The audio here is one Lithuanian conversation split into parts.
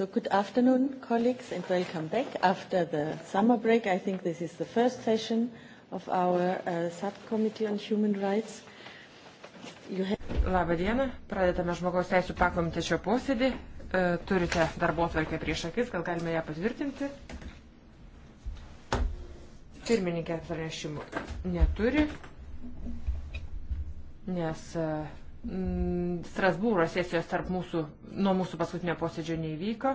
So good afternoon, colleagues, and welcome back after the summer break. I think this is the first session of our uh, subcommittee on human rights. You have... Labą dieną, pradedame žmogaus teisų pakomitečio posėdį. Uh, turite darbo atvarkę prieš akis, gal galime ją patvirtinti. Pirmininkė pranešimų neturi, nes uh, Mm, Strasbūro sesijos tarp mūsų, nuo mūsų paskutinio posėdžio neįvyko.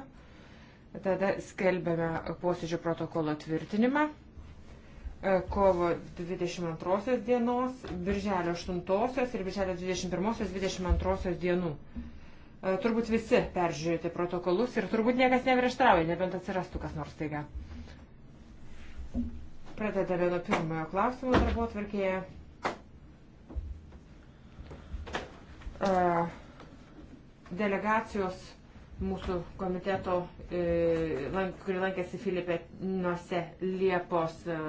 Tada skelbėme posėdžio protokolo tvirtinimą. E, kovo 22 dienos, birželio 8 ir birželio 21-22 dienų. E, turbūt visi peržiūrėjote protokolus ir turbūt niekas nevireštrauja, nebent atsirastų kas nors taiga. Pradedame nuo pirmojo klausimo darbo atvarkėje. E, delegacijos mūsų komiteto, e, kuri lankėsi Filipinuose Liepos e,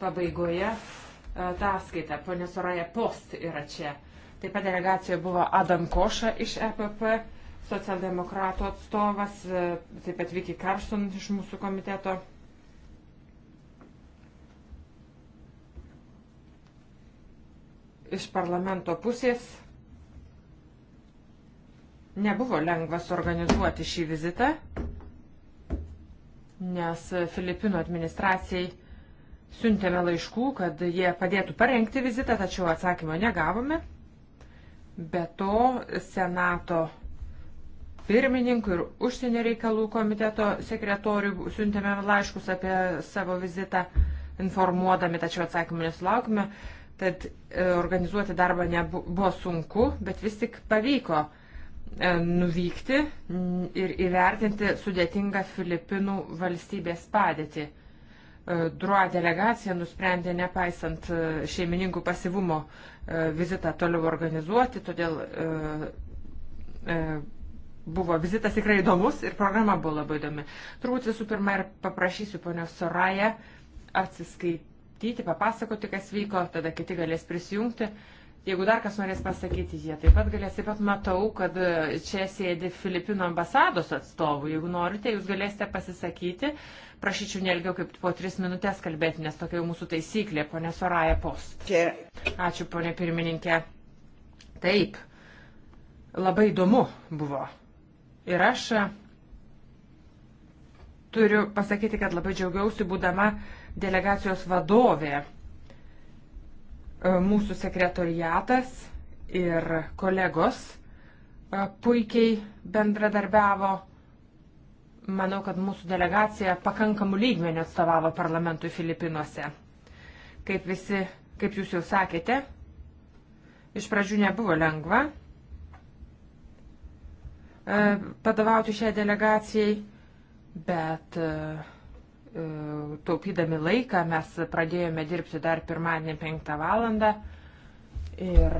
pabaigoje, ataskaita, ponė Soraja Post yra čia. Taip pat delegacijoje buvo Adam Koša iš EPP, socialdemokratų atstovas, taip pat Viki Karsun iš mūsų komiteto. Iš parlamento pusės Nebuvo lengva suorganizuoti šį vizitą, nes Filipinų administracijai siuntėme laiškų, kad jie padėtų parengti vizitą, tačiau atsakymo negavome. Be to, Senato pirmininkui ir užsienio reikalų komiteto sekretoriui siuntėme laiškus apie savo vizitą, informuodami, tačiau atsakymų nesulaukime. Tad e, organizuoti darbą nebuvo sunku, bet vis tik pavyko E, nuvykti ir įvertinti sudėtingą Filipinų valstybės padėtį. E, Drua delegacija nusprendė, nepaisant e, šeimininkų pasivumo, vizitą toliau organizuoti, todėl buvo vizitas tikrai įdomus ir programa buvo labai įdomi. Turbūt visų pirma ir paprašysiu ponios Soraja atsiskaityti, papasakoti, kas vyko, tada kiti galės prisijungti. Uh, Jeigu dar kas norės pasakyti, jie taip pat galės. Taip pat matau, kad čia sėdi Filipinų ambasados atstovų. Jeigu norite, jūs galėsite pasisakyti. Prašyčiau nelgiau kaip po tris minutės kalbėti, nes tokia jau mūsų taisyklė, ponė Soraja Post. Ačiū, ponė pirmininkė. Taip, labai įdomu buvo. Ir aš turiu pasakyti, kad labai džiaugiausi būdama delegacijos vadovė E, mūsų sekretoriatas ir kolegos e, puikiai bendradarbiavo. Manau, kad mūsų delegacija pakankamų lygmenių atstovavo parlamentui Filipinuose. Kaip visi, kaip jūs jau sakėte, iš pradžių nebuvo lengva padovauti e, šiai delegacijai, bet uh, E, taupydami laiką, mes pradėjome dirbti dar pirmadienį 5 valandą ir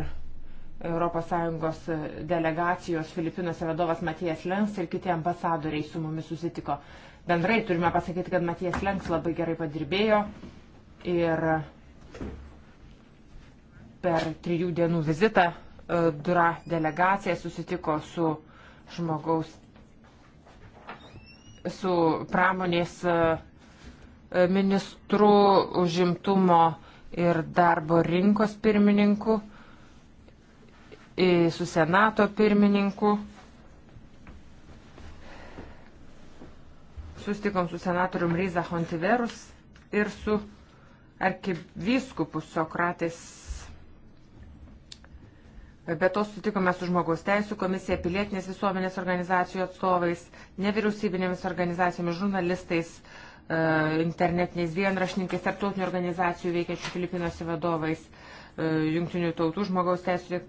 ES delegacijos Filipinuose vadovas Matijas Lenks ir kiti ambasadoriai su mumis susitiko. Bendrai turime pasakyti, kad Matijas Lenks labai gerai padirbėjo ir per trijų dienų vizitą e, Dura delegacija susitiko su žmogaus, su pramonės uh, ministru, užimtumo ir darbo rinkos pirmininku, su senato pirmininku. Sustikom su senatorium Riza Hontiverus ir su arkivyskupu Sokratis. Be to sutikome su žmogaus teisų komisija, pilietinės visuomenės organizacijų atstovais, nevyriausybinėmis organizacijomis, žurnalistais, uh, E, internetiniais dienrašininkais, tarptautinių organizacijų veikiančių Filipinose vadovais, e, Junktinių tautų žmogaus teisų e,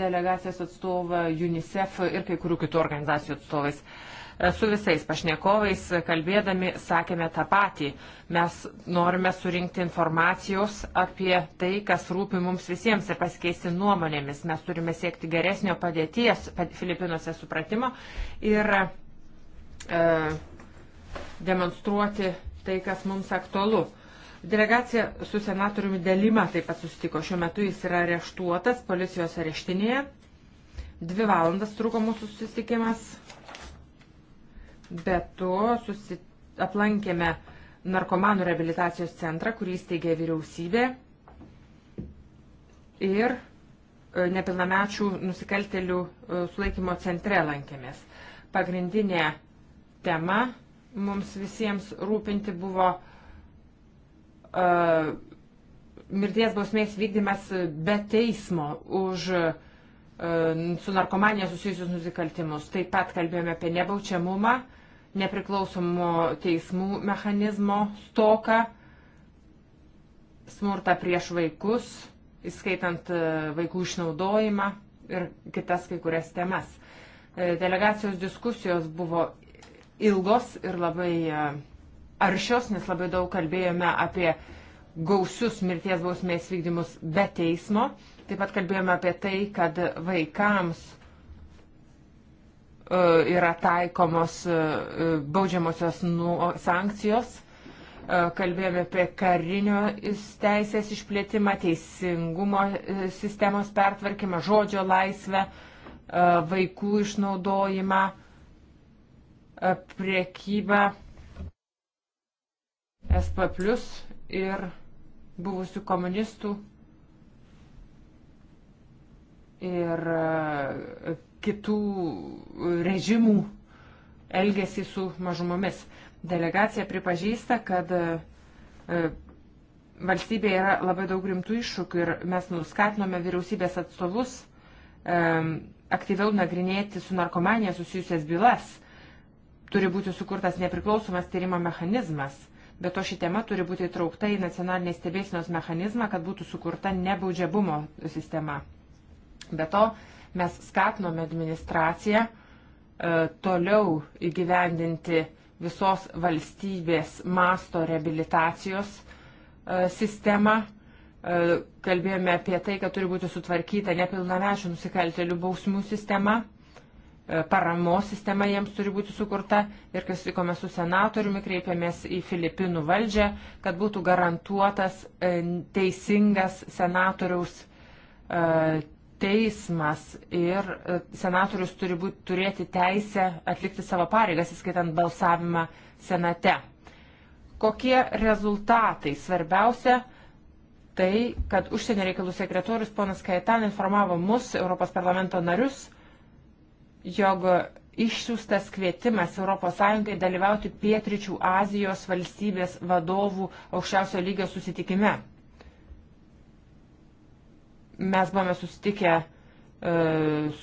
delegacijos atstovą, UNICEF ir kai kurių kitų organizacijų atstovais. Su visais pašnekovais kalbėdami sakėme tą patį. Mes norime surinkti informacijos apie tai, kas rūpi mums visiems ir pasikeisti nuomonėmis. Mes turime siekti geresnio padėties Filipinuose supratimo ir e, demonstruoti tai, kas mums aktualu. Delegacija su senatoriumi Delima taip pat susitiko. Šiuo metu jis yra areštuotas policijos areštinėje. Dvi valandas truko mūsų susitikimas. Be to susi... aplankėme narkomanų rehabilitacijos centrą, kurį įsteigė vyriausybė. Ir e, nepilnamečių nusikaltelių e, sulaikymo centre lankėmės. Pagrindinė tema mums visiems rūpinti buvo uh, mirties bausmės vykdymas be teismo už uh, su narkomanija susijusius nusikaltimus. Taip pat kalbėjome apie nebaučiamumą, nepriklausomo teismų mechanizmo stoką, smurtą prieš vaikus, įskaitant e, vaikų išnaudojimą ir kitas kai kurias temas. Delegacijos diskusijos buvo ilgos ir labai e, aršios, nes labai daug kalbėjome apie gausius mirties bausmės vykdymus be teismo. Taip pat kalbėjome apie tai, kad vaikams e, yra taikomos e, baudžiamosios nu, sankcijos. Kalbėjome apie karinio teisės išplėtimą, teisingumo sistemos pertvarkymą, žodžio laisvę, vaikų išnaudojimą priekybą SP plus ir buvusių komunistų ir kitų režimų elgesį su mažumomis. Delegacija pripažįsta, kad valstybėje yra labai daug rimtų iššūkių ir mes nuskatinome vyriausybės atstovus aktyviau nagrinėti su narkomanija susijusias bylas turi būti sukurtas nepriklausomas tyrimo mechanizmas, bet to ši tema turi būti įtraukta į nacionalinį stebėsinos mechanizmą, kad būtų sukurta nebaudžiabumo sistema. Be to mes skatinome administraciją e, toliau įgyvendinti visos valstybės masto reabilitacijos e, sistemą. E, kalbėjome apie tai, kad turi būti sutvarkyta nepilnamečių nusikaltelių bausmų sistema E, paramos sistema jiems turi būti sukurta ir kai sutikome su senatoriumi, kreipėmės į Filipinų valdžią, kad būtų garantuotas e, teisingas senatoriaus e, teismas ir senatorius turi būti, turėti teisę atlikti savo pareigas, įskaitant balsavimą senate. Kokie rezultatai? Svarbiausia, tai, kad užsienio reikalų sekretorius ponas Kaitan informavo mus, Europos parlamento narius, jog išsiųstas kvietimas ES dalyvauti Pietričių Azijos valstybės vadovų aukščiausio lygio susitikime. Mes buvome susitikę e,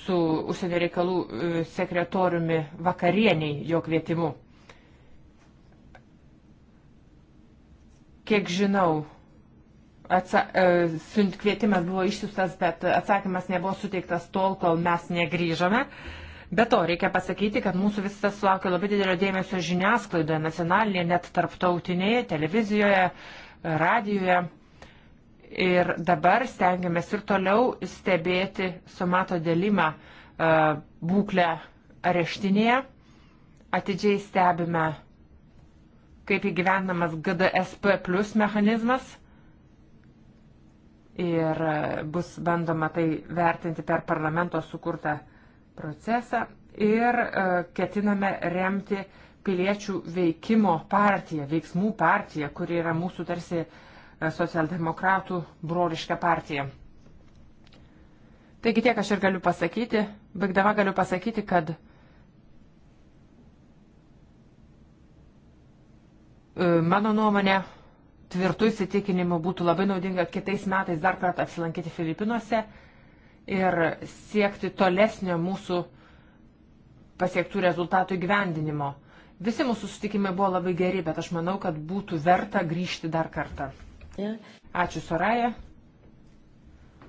su užsienio reikalų e, sekretoriumi vakarieniai jo kvietimu. Kiek žinau, atsa, e, siunt kvietimas buvo išsiųstas, bet atsakymas nebuvo suteiktas tol, kol mes negryžome. E, Be to, reikia pasakyti, kad mūsų visas sulaukia labai didelio dėmesio žiniasklaidoje, nacionalinėje, net tarptautinėje, televizijoje, radijoje. Ir dabar stengiamės ir toliau stebėti Somato dėlimą e, būklę areštinėje. Atidžiai stebime, kaip įgyvendamas GDSP plus mechanizmas. Ir e, bus bandoma tai vertinti per parlamento sukurtą procesą ir e, ketiname remti piliečių veikimo partiją, veiksmų partiją, kuri yra mūsų tarsi e, socialdemokratų broliška partija. Taigi tiek aš ir galiu pasakyti, baigdama galiu pasakyti, kad e, mano nuomonė, tvirtų įsitikinimu būtų labai naudinga kitais metais dar kartą apsilankyti Filipinuose ir siekti tolesnio mūsų pasiektų rezultatų įgyvendinimo. Visi mūsų susitikimai buvo labai geri, bet aš manau, kad būtų verta grįžti dar kartą. Ačiū Soraja.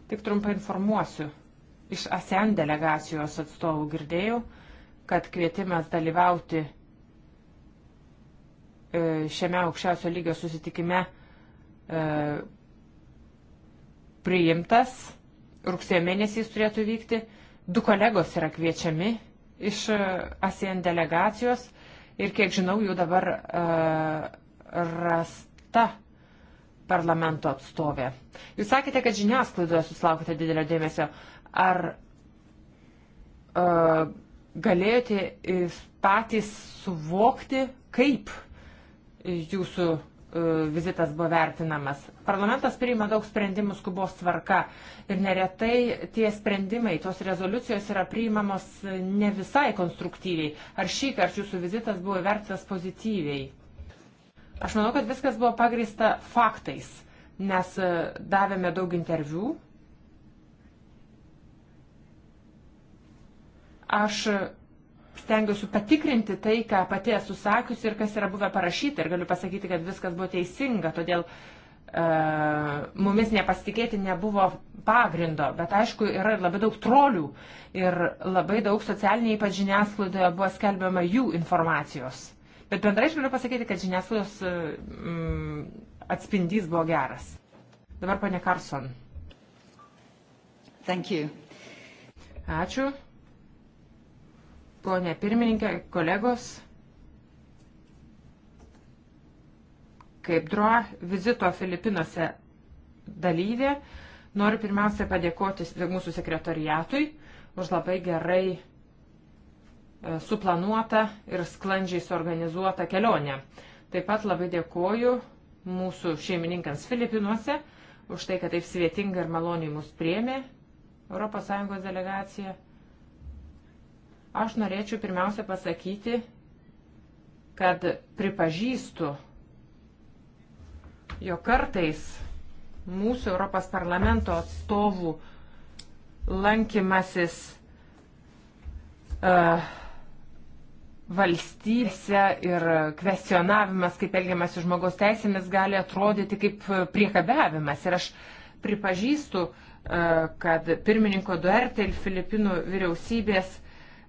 Tik trumpai informuosiu. Iš ASEAN delegacijos atstovų girdėjau, kad kvietimas dalyvauti e, šiame aukščiausio lygio susitikime e, priimtas rugsėjo mėnesį jis turėtų vykti. Du kolegos yra kviečiami iš e, ASEAN delegacijos ir kiek žinau, jų dabar uh, rasta parlamento atstovė. Jūs sakėte, kad žiniasklaidoje susilaukite didelio dėmesio. Ar uh, galėjote patys suvokti, kaip jūsų E, vizitas buvo vertinamas. Parlamentas priima daug sprendimų skubos tvarka ir neretai tie sprendimai, tos rezoliucijos yra priimamos ne visai konstruktyviai. Ar šį kartą jūsų vizitas buvo vertintas pozityviai? Aš manau, kad viskas buvo pagrįsta faktais, nes e, davėme daug interviu. Aš stengiuosi patikrinti tai, ką pati esu sakiusi ir kas yra buvę parašyta. Ir galiu pasakyti, kad viskas buvo teisinga, todėl e, mumis nepasitikėti nebuvo pagrindo. Bet aišku, yra labai daug trolių ir labai daug socialiniai, ypač žiniasklaidoje, buvo skelbiama jų informacijos. Bet bendrai aš galiu pasakyti, kad žiniasklaidos mm, atspindys buvo geras. Dabar ponė Karson. Thank you. Ačiū. Pone pirmininkė, kolegos, kaip droa vizito Filipinuose dalyvė, noriu pirmiausia padėkoti mūsų sekretariatui už labai gerai e, suplanuotą ir sklandžiai suorganizuotą kelionę. Taip pat labai dėkoju mūsų šeimininkams Filipinuose už tai, kad taip svetingai ir maloniai mus priemė ES delegacija. Aš norėčiau pirmiausia pasakyti, kad pripažįstu, jo kartais mūsų Europos parlamento atstovų lankymasis uh, e, valstybėse ir kvestionavimas, kaip elgiamasi žmogaus teisėmis, gali atrodyti kaip priekabiavimas. Ir aš pripažįstu, uh, kad pirmininko Duerte ir Filipinų vyriausybės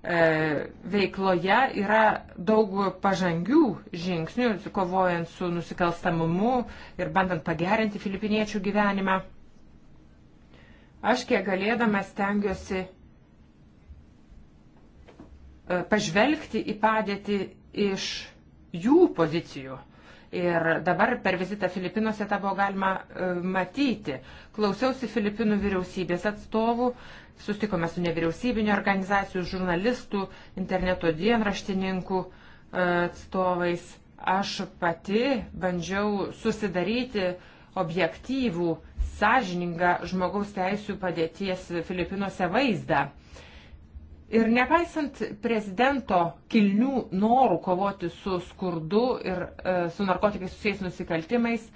E, veikloje yra daug pažangių žingsnių, kovojant su nusikalstamumu ir bandant pagerinti filipiniečių gyvenimą. Aš kiek galėdamas tengiuosi e, pažvelgti į padėtį iš jų pozicijų. Ir dabar per vizitą Filipinuose tą buvo galima e, matyti. Klausiausi Filipinų vyriausybės atstovų, sustikome su nevyriausybinio organizacijų, žurnalistų, interneto dienraštininkų e, atstovais. Aš pati bandžiau susidaryti objektyvų, sąžiningą žmogaus teisų padėties Filipinuose vaizdą. Uh, Ir nepaisant prezidento kilnių norų kovoti su skurdu ir e, su narkotikais susijęs nusikaltimais,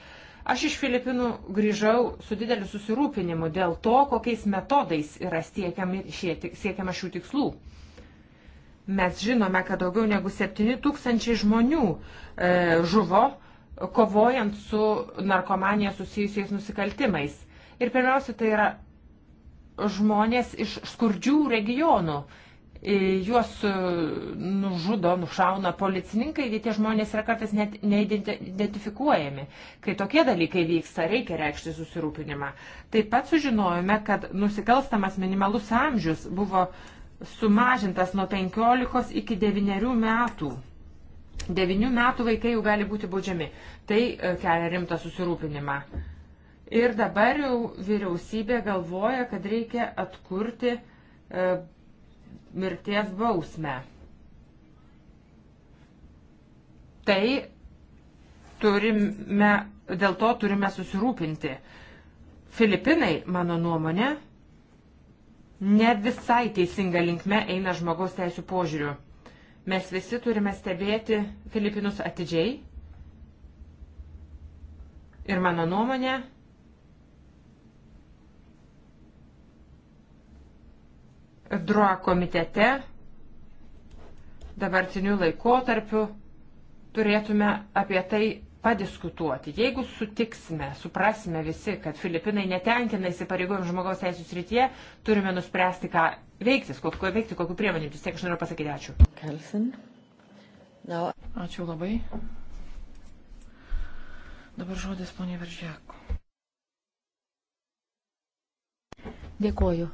aš iš Filipinų grįžau su dideliu susirūpinimu dėl to, kokiais metodais yra šie, siekiama šių tikslų. Mes žinome, kad daugiau negu 7 tūkstančiai žmonių e, žuvo kovojant su narkomanija susijusiais nusikaltimais. Ir pirmiausia, tai yra žmonės iš skurdžių regionų. E, juos e, nužudo, nušauna policininkai, tie žmonės yra kartais net neidentifikuojami. Kai tokie dalykai vyksta, reikia reikšti susirūpinimą. Taip pat sužinojome, kad nusikalstamas minimalus amžius buvo sumažintas nuo 15 iki 9 metų. 9 metų vaikai jau gali būti baudžiami. Tai e, kelia rimtą susirūpinimą. Ir dabar jau vyriausybė galvoja, kad reikia atkurti e, mirties bausmę. Tai turime, dėl to turime susirūpinti. Filipinai, mano nuomonė, ne visai teisinga linkme eina žmogaus teisų požiūriu. Mes visi turime stebėti Filipinus atidžiai. Ir mano nuomonė, DROA komitete dabartiniu laikotarpiu turėtume apie tai padiskutuoti. Jeigu sutiksime, suprasime visi, kad Filipinai netenkina įsipareigojimų žmogaus teisų srityje, turime nuspręsti, ką veiktis, kokiu, veikti, kokiu priemonėm. Vis tiek aš noriu pasakyti ačiū. Kelsin. No. Ačiū labai. Dabar žodis ponė Veržėko. Dėkoju.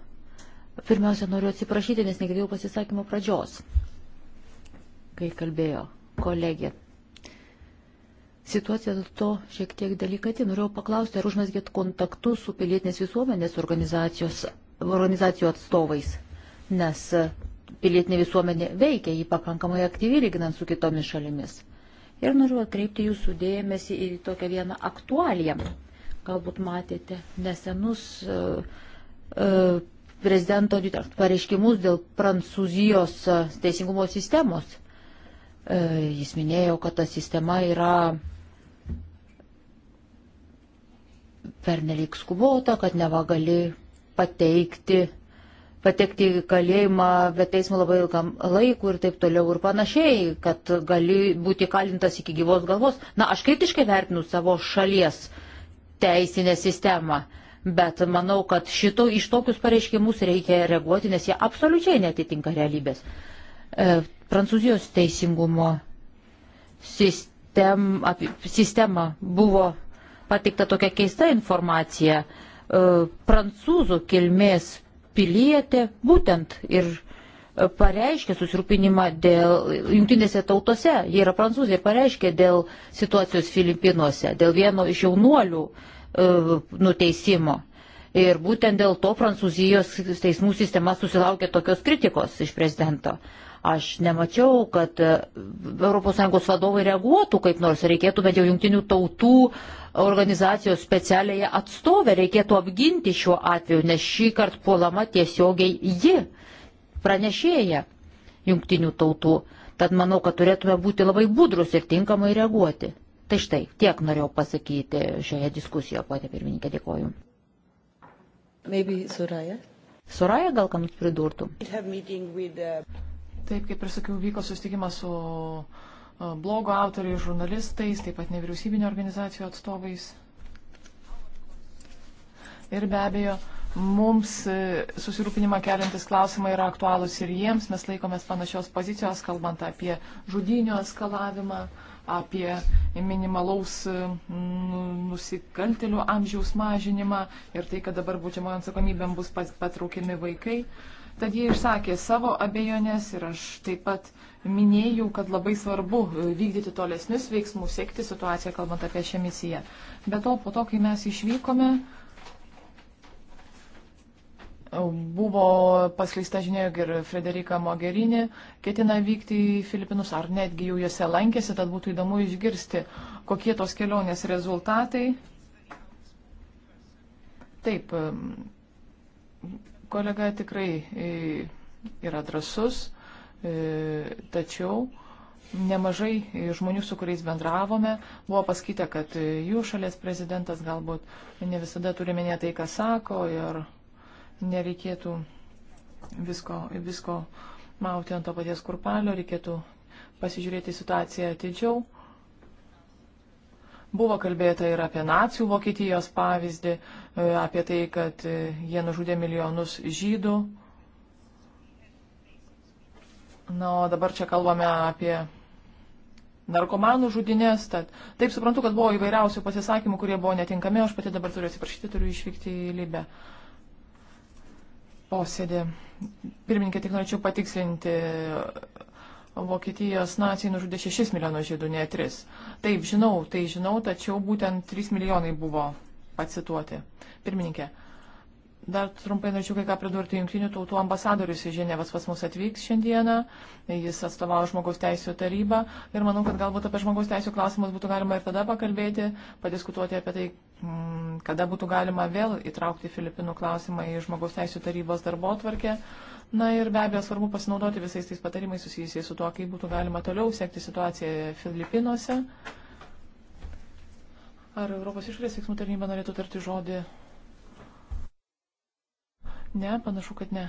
Pirmiausia, noriu atsiprašyti, nes negirdėjau pasisakymo pradžios, kai kalbėjo kolegė. Situacija dėl to šiek tiek delikati. Norėjau paklausti, ar užmesgėt kontaktus su pilietinės visuomenės organizacijų atstovais, nes e, pilietinė visuomenė veikia, jį pakankamai aktyviai lyginant su kitomis šalimis. Ir noriu atkreipti jūsų dėmesį į tokią vieną aktualiją. Galbūt matėte nesenus uh, uh, prezidento pareiškimus dėl Prancūzijos teisingumo sistemos. E, jis minėjo, kad ta sistema yra pernelik skubota, kad nevagali pateikti, patekti į kalėjimą be teismo labai ilgam laikui ir taip toliau ir panašiai, kad gali būti kalintas iki gyvos galvos. Na, aš kritiškai vertinu savo šalies teisinę sistemą. Uh, bet manau, kad šito, iš tokius pareiškimus reikia reaguoti, nes jie absoliučiai netitinka realybės. E, Prancūzijos teisingumo sistem, ap, sistema buvo pateikta tokia keista informacija. E, prancūzų kilmės pilietė būtent ir e, pareiškė susirūpinimą dėl jungtinėse tautose, jie yra prancūzai, pareiškė dėl situacijos Filipinuose, dėl vieno iš jaunuolių, uh, E, nuteisimo. Ir būtent dėl to Prancūzijos teismų sistema susilaukė tokios kritikos iš prezidento. Aš nemačiau, kad ES vadovai reaguotų kaip nors, reikėtų bent jau jungtinių tautų organizacijos specialiai atstovę, reikėtų apginti šiuo atveju, nes šį kartą puolama tiesiogiai ji pranešėja jungtinių tautų. Tad manau, kad turėtume būti labai budrus ir tinkamai reaguoti. Tai štai, tiek norėjau pasakyti šioje diskusijoje, ponė pirmininkė, dėkoju. Maybe Soraya? Soraya gal kam pridurtų? Uh, taip, kaip ir sakiau, vyko susitikimas su uh, blogo autoriais, žurnalistais, taip pat nevyriausybinio organizacijų atstovais. Ir be abejo, mums e, susirūpinimą keliantis klausimai yra aktualūs ir jiems. Mes laikomės panašios pozicijos, kalbant apie žudynio eskalavimą. Uh, apie minimalaus e, nu, nusikaltelių amžiaus mažinimą ir tai, kad dabar būčiamojo atsakomybėm bus patraukiami vaikai. Tad jie išsakė savo abejonės ir aš taip pat minėjau, kad labai svarbu e, vykdyti tolesnius veiksmus, sėkti situaciją, kalbant apie šią misiją. Be to, po to, kai mes išvykome, Buvo paskleista žinia, jog ir Frederika Mogherini ketina vykti į Filipinus, ar netgi jau juose lankėsi, tad būtų įdomu išgirsti, kokie tos kelionės rezultatai. Taip, kolega tikrai e, yra drasus, e, tačiau nemažai e, žmonių, su kuriais bendravome, buvo pasakyta, kad jų šalies prezidentas galbūt ne visada turi minėti tai, ką sako. Ir nereikėtų visko, visko mauti ant to paties kurpalio, reikėtų pasižiūrėti situaciją atidžiau. Buvo kalbėta ir apie nacijų Vokietijos pavyzdį, e, apie tai, kad e, jie nužudė milijonus žydų. Na, o dabar čia kalbame apie narkomanų žudinės. Tad, taip suprantu, kad buvo įvairiausių pasisakymų, kurie buvo netinkami. Aš pati dabar turiu atsiprašyti, turiu išvykti į Libę. Uh, posėdį. Pirmininkė, tik norėčiau patikslinti, Vokietijos nacijai nužudė 6 milijonus žydų, ne 3. Taip, žinau, tai žinau, tačiau būtent 3 milijonai buvo pacituoti. Pirmininkė, Dar trumpai norėčiau kai ką pridurti. Junktinių tautų ambasadorius į Ženevas pas mus atvyks šiandieną. Jis atstovauja žmogaus teisų tarybą. Ir manau, kad galbūt apie žmogaus teisų klausimus būtų galima ir tada pakalbėti, padiskutuoti apie tai, mm, kada būtų galima vėl įtraukti Filipinų klausimą į žmogaus teisų tarybos darbo tvarkę. Na ir be abejo svarbu pasinaudoti visais tais patarimais susijusiais su tuo, kaip būtų galima toliau sekti situaciją Filipinuose. Ar Europos išorės veiksmų tarnyba norėtų tarti žodį Ne, panašu, kad ne.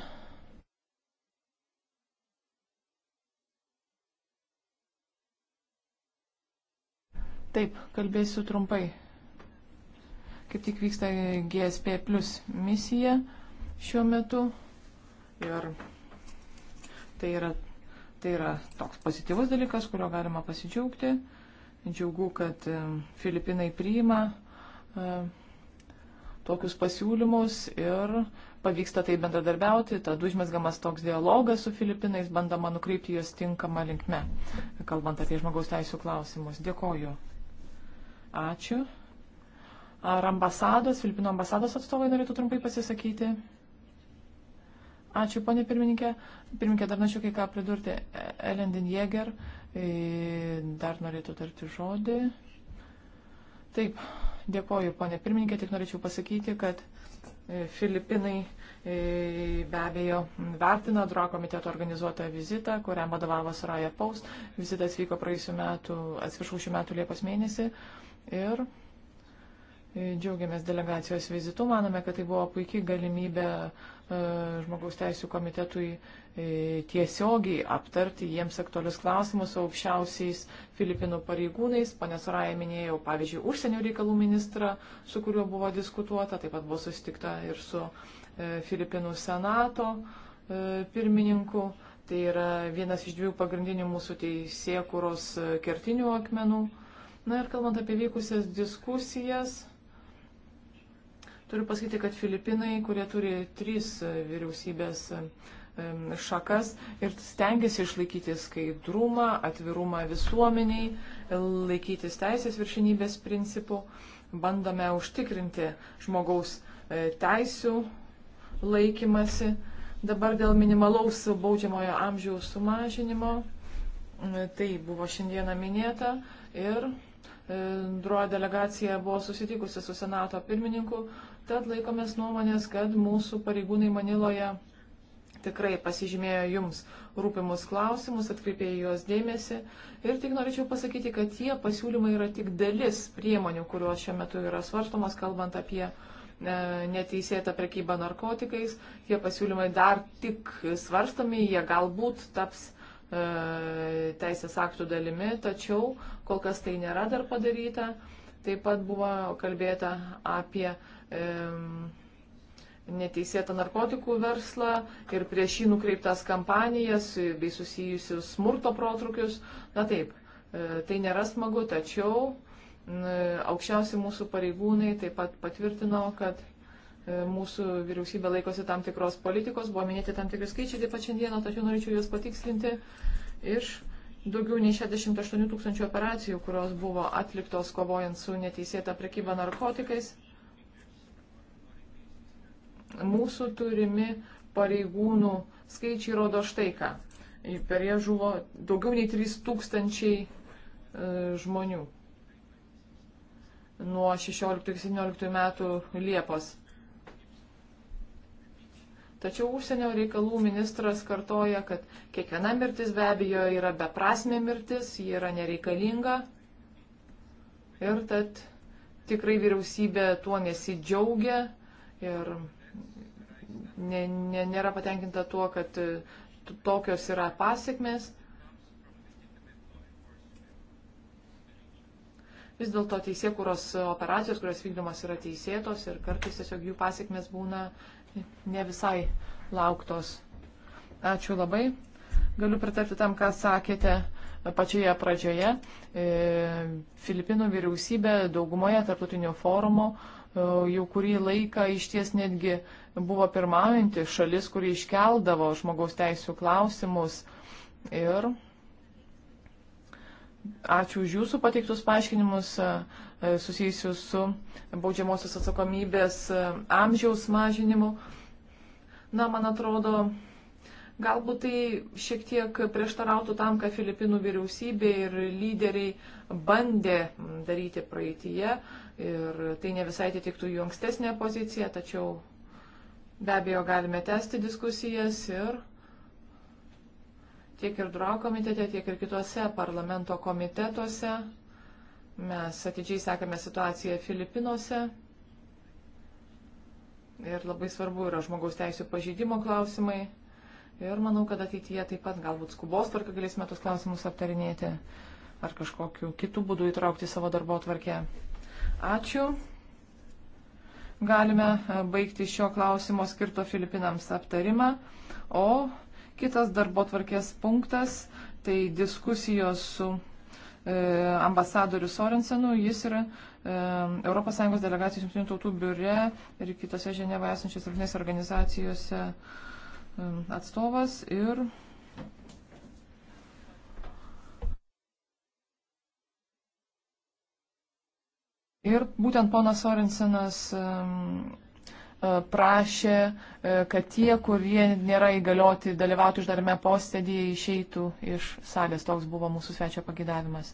Taip, kalbėsiu trumpai. Kaip tik vyksta GSP plus misija šiuo metu. Ir tai yra, tai yra toks pozityvus dalykas, kurio galima pasidžiaugti. Džiaugu, kad e, Filipinai priima. Uh, tokius pasiūlymus ir pavyksta tai bendradarbiauti, tad užmesgamas toks dialogas su Filipinais, bandama nukreipti juos tinkamą linkme, kalbant apie žmogaus teisų klausimus. Dėkoju. Ačiū. Ar ambasados, Filipino ambasados atstovai norėtų trumpai pasisakyti? Ačiū, ponė pirmininkė. Pirmininkė, dar norėčiau kai ką pridurti. Elendin Jėger e, dar norėtų tarti žodį. Taip, Dėkoju, ponė pirmininkė, tik norėčiau pasakyti, kad e, Filipinai e, be abejo vertina DRO komiteto organizuotą vizitą, kuriam vadovavo Saraja Paus. Vizitas vyko praėjusiu metu, atsiprašau, šių metų Liepos mėnesį. Ir Džiaugiamės delegacijos vizitu, manome, kad tai buvo puikiai galimybė e, žmogaus teisų komitetui e, tiesiogiai aptarti jiems aktualius klausimus su aukščiausiais Filipinų pareigūnais. Pane Soraja minėjau, pavyzdžiui, užsienio reikalų ministrą, su kuriuo buvo diskutuota, taip pat buvo susitikta ir su e, Filipinų senato pirmininku. Tai yra vienas iš dviejų pagrindinių mūsų teisėkuros kertinių akmenų. Na ir kalbant apie vykusias diskusijas, Turiu pasakyti, kad Filipinai, kurie turi trys e, vyriausybės e, šakas ir stengiasi išlaikyti skaidrumą, atvirumą visuomeniai, laikytis teisės viršinybės principų, bandome užtikrinti žmogaus e, teisų laikymasi. Dabar dėl minimalaus baudžiamojo amžiaus sumažinimo, tai buvo šiandieną minėta ir Druo delegacija buvo susitikusi su senato pirmininku Tad laikomės nuomonės, kad mūsų pareigūnai Maniloje tikrai pasižymėjo jums rūpimus klausimus, atkreipė į juos dėmesį. Ir tik norėčiau pasakyti, kad tie pasiūlymai yra tik dalis priemonių, kurios šiuo metu yra svarstomos, kalbant apie e, neteisėtą prekybą narkotikais. Tie pasiūlymai dar tik svarstomi, jie galbūt taps e, teisės aktų dalimi, tačiau kol kas tai nėra dar padaryta. Taip pat buvo kalbėta apie neteisėtą narkotikų verslą ir prieš jį nukreiptas kampanijas bei susijusius smurto protrukius. Na taip, e, tai nėra smagu, tačiau aukščiausi mūsų pareigūnai taip pat patvirtino, kad e, mūsų vyriausybė laikosi tam tikros politikos, buvo minėti tam tikri skaičiai taip pat šiandieną, tačiau norėčiau juos patikslinti iš daugiau nei 68 tūkstančių operacijų, kurios buvo atliktos kovojant su neteisėta prekyba narkotikais. Mūsų turimi pareigūnų skaičiai rodo štai ką. Per ją žuvo daugiau nei 3 tūkstančiai e, žmonių nuo 16-17 metų Liepos. Tačiau užsienio reikalų ministras kartoja, kad kiekviena mirtis be abejo yra beprasmė mirtis, ji yra nereikalinga ir tad tikrai vyriausybė tuo nesidžiaugia ir ne, ne, nėra patenkinta tuo, kad e, tokios yra pasiekmes. Vis dėlto teisėkuros operacijos, kurios vykdomas yra teisėtos ir kartais tiesiog jų pasiekmes būna ne visai lauktos. Ačiū labai. Galiu pritarti tam, ką sakėte pačioje pradžioje. E, Filipinų vyriausybė daugumoje tarptautinio forumo E, jau kurį laiką iš ties netgi buvo pirmaujanti šalis, kuri iškeldavo žmogaus teisų klausimus. Ir ačiū už jūsų pateiktus paaiškinimus e, e, susijusius su baudžiamosios atsakomybės amžiaus mažinimu. Na, man atrodo, Galbūt tai šiek tiek prieštarautų tam, ką Filipinų vyriausybė ir lyderiai bandė daryti praeitįje, ir tai ne visai atitiktų jų ankstesnę poziciją, tačiau be abejo galime tęsti diskusijas ir tiek ir DRO komitete, tiek ir kitose parlamento komitetuose. Mes atidžiai sekame situaciją Filipinuose. Ir labai svarbu yra žmogaus teisų pažydimo klausimai. Ir manau, kad ateityje taip pat galbūt skubos tvarka galėsime tos klausimus aptarinėti ar kažkokiu kitų būdų įtraukti savo darbo tvarkę. Ačiū. Galime e, baigti šio klausimo skirto Filipinams aptarimą. O kitas darbo tvarkės punktas - tai diskusijos su e, ambasadoriu Sorensenu. Jis yra e, ES delegacijos Junktinių tautų biure ir kitose Ženevoje esančios tarptautinės organizacijose e, atstovas. Ir Ir būtent ponas Sorensenas e, prašė, e, kad tie, kurie nėra įgalioti dalyvauti uždarame postėdėje, išeitų iš salės. Toks buvo mūsų svečio pagidavimas.